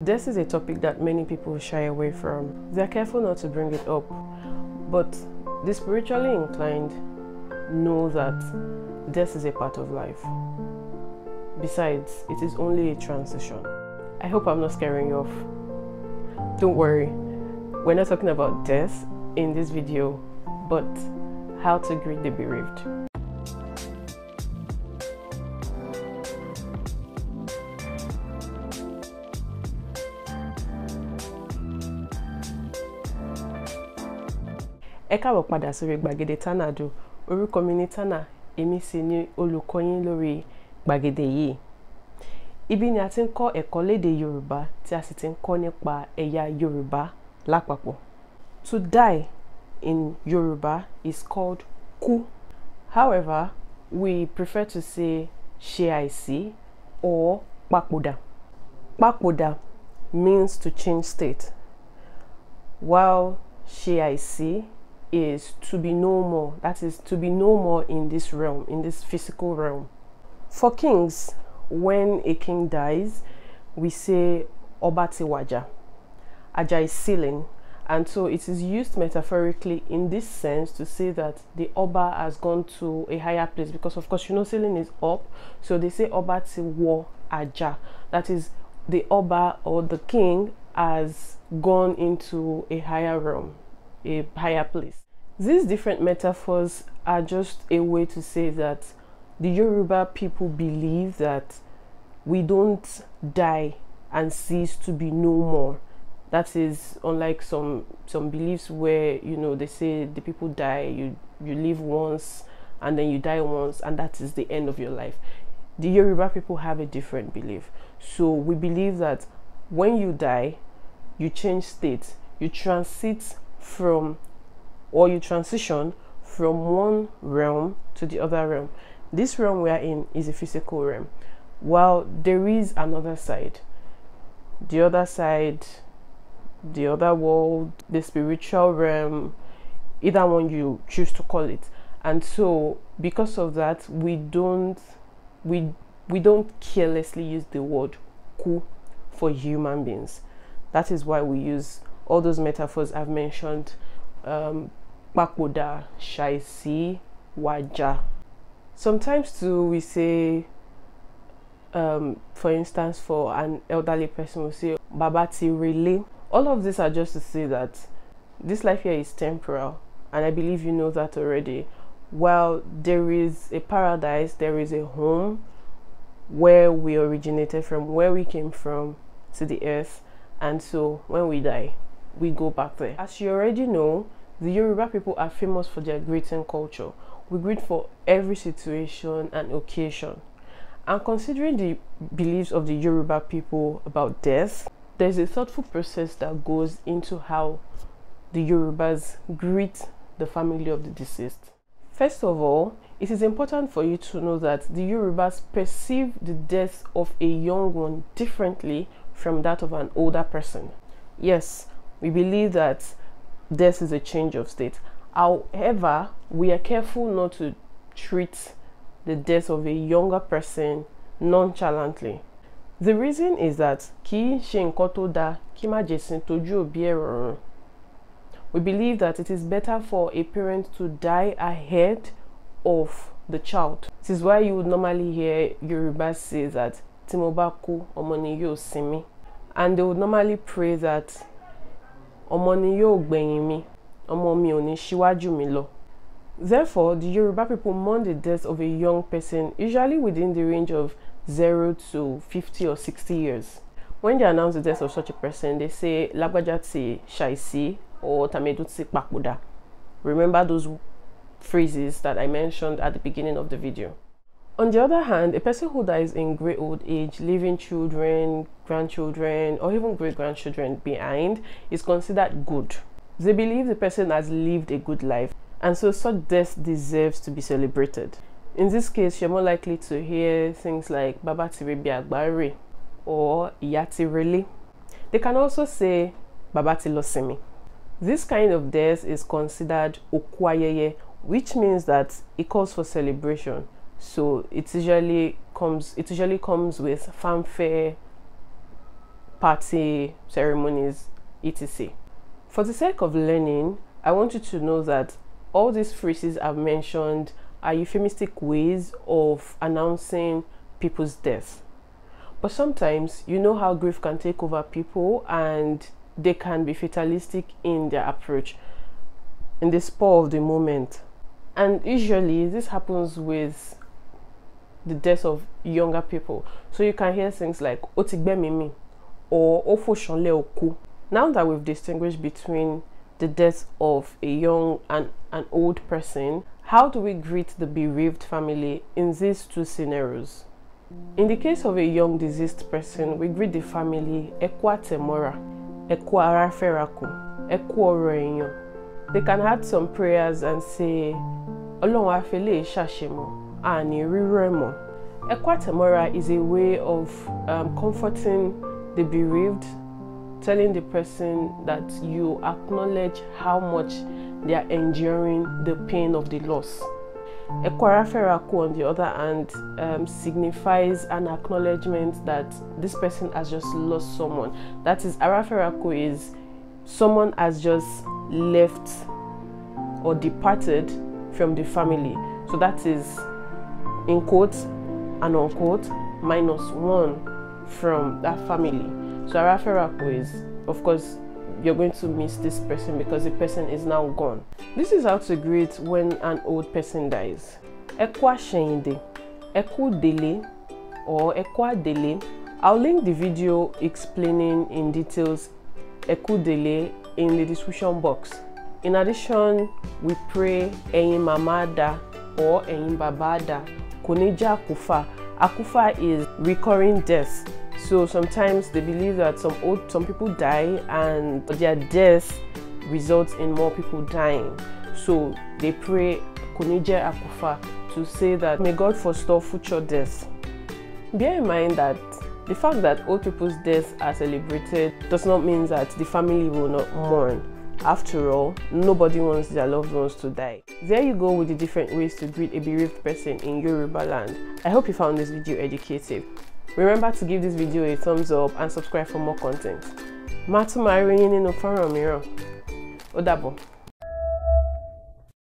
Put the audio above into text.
This is a topic that many people shy away from. They're careful not to bring it up, but the spiritually inclined know that death is a part of life. Besides, it is only a transition. I hope I'm not scaring you off. Don't worry, we're not talking about death in this video, but how to greet the bereaved. ẹ káàbọ̀ padà sórí gbàgede tánàdù orúkọ mi ní tánà èmi sì ni olùkọ́ lórí gbàgede yìí ibi ni a ti ń kọ́ ẹ̀kọ́ léde yorùbá tí a sì ti ń kọ́ nípa ẹ̀yà yorùbá lápapọ̀ to die in yorùbá is called ku. however we prefer to say ṣe àìsí or papòdà papòdà means to change state while ṣe àìsí is to be no more. That is to be no more in this realm, in this physical realm. For kings, when a king dies, we say Obati Waja. Aja is ceiling. And so it is used metaphorically in this sense to say that the Oba has gone to a higher place because, of course, you know, ceiling is up. So they say Oba ti wo Aja. That is, the Oba or the king has gone into a higher realm a higher place. These different metaphors are just a way to say that the Yoruba people believe that we don't die and cease to be no more. That is unlike some some beliefs where you know they say the people die, you you live once and then you die once and that is the end of your life. The Yoruba people have a different belief. So we believe that when you die, you change state, you transit from or you transition from one realm to the other realm. This realm we are in is a physical realm, while there is another side. The other side, the other world, the spiritual realm, either one you choose to call it. And so because of that, we don't we we don't carelessly use the word ku for human beings. That is why we use all those metaphors I've mentioned um, Pakoda, Shaisi, Waja. Sometimes too we say, um, for instance, for an elderly person, we say Babati really. All of these are just to say that this life here is temporal, and I believe you know that already. While there is a paradise, there is a home where we originated from, where we came from to the earth, and so when we die, we go back there. As you already know, the Yoruba people are famous for their greeting culture. We greet for every situation and occasion. And considering the beliefs of the Yoruba people about death, there's a thoughtful process that goes into how the Yorubas greet the family of the deceased. First of all, it is important for you to know that the Yorubas perceive the death of a young one differently from that of an older person. Yes, we believe that death is a change of state. However, we are careful not to treat the death of a younger person nonchalantly. The reason is that kì í ṣe We believe that it is better for a parent to die ahead of the child. This is why you would normally hear Yoruba say that timobaku mo bá and they would normally pray that ọmọ ni yóò gbẹ̀yìn mi ọmọ mi ò ní ṣíwájú mi lọ. Therefore, the Yoruba people mourn the death of a young person, usually within the range of zero to fifty or sixty years. When they announce the death of such a person, they say Lagbaja ti ṣàìsí or Tamedu ti papòdà. Remember those phrases that I mentioned at the beginning of the video. On the other hand, a person who dies in great old age, leaving children, grandchildren, or even great grandchildren behind, is considered good. They believe the person has lived a good life, and so such death deserves to be celebrated. In this case, you're more likely to hear things like Baba Tirebi Agbare or Yati rili. They can also say Baba Tilosimi. This kind of death is considered Okwayeye, which means that it calls for celebration so it usually comes it usually comes with fanfare party ceremonies etc for the sake of learning i want you to know that all these phrases i've mentioned are euphemistic ways of announcing people's death but sometimes you know how grief can take over people and they can be fatalistic in their approach in the spur of the moment and usually this happens with the deaths of younger people. So you can hear things like Otigbe Mimi or Ofoshonle Oku. Now that we've distinguished between the death of a young and an old person, how do we greet the bereaved family in these two scenarios? In the case of a young deceased person, we greet the family Ekwa Temora, Ekwa Araferaku, Ekwa They can add some prayers and say, Olorun afele isasemo and Iriremo. Ekwatemora is a way of um, comforting the bereaved, telling the person that you acknowledge how much they are enduring the pain of the loss. Ekwaraferaku, on the other hand, um, signifies an acknowledgement that this person has just lost someone. That is, Araferaku is someone has just left or departed from the family. So that is in quotes and unquote minus one from that family. So Araferapo is, of course, you're going to miss this person because the person is now gone. This is how to greet when an old person dies. Ekwa Sheinde, Eku Dele, or Ekwa Dele. I'll link the video explaining in details Eku Dele in the description box. In addition, we pray Eyin Mamada or Eyin Babada Kuneja Akufa. Akufa is recurring death. So sometimes they believe that some old some people die and their death results in more people dying. So they pray Kuneja Akufa to say that may God forestall future deaths. Bear in mind that the fact that old people's deaths are celebrated does not mean that the family will not mourn. After all, nobody wants their loved ones to die. There you go with the different ways to greet a bereaved person in Yoruba land. I hope you found this video educative. Remember to give this video a thumbs up and subscribe for more content. Matumari tún máa rí yín nínú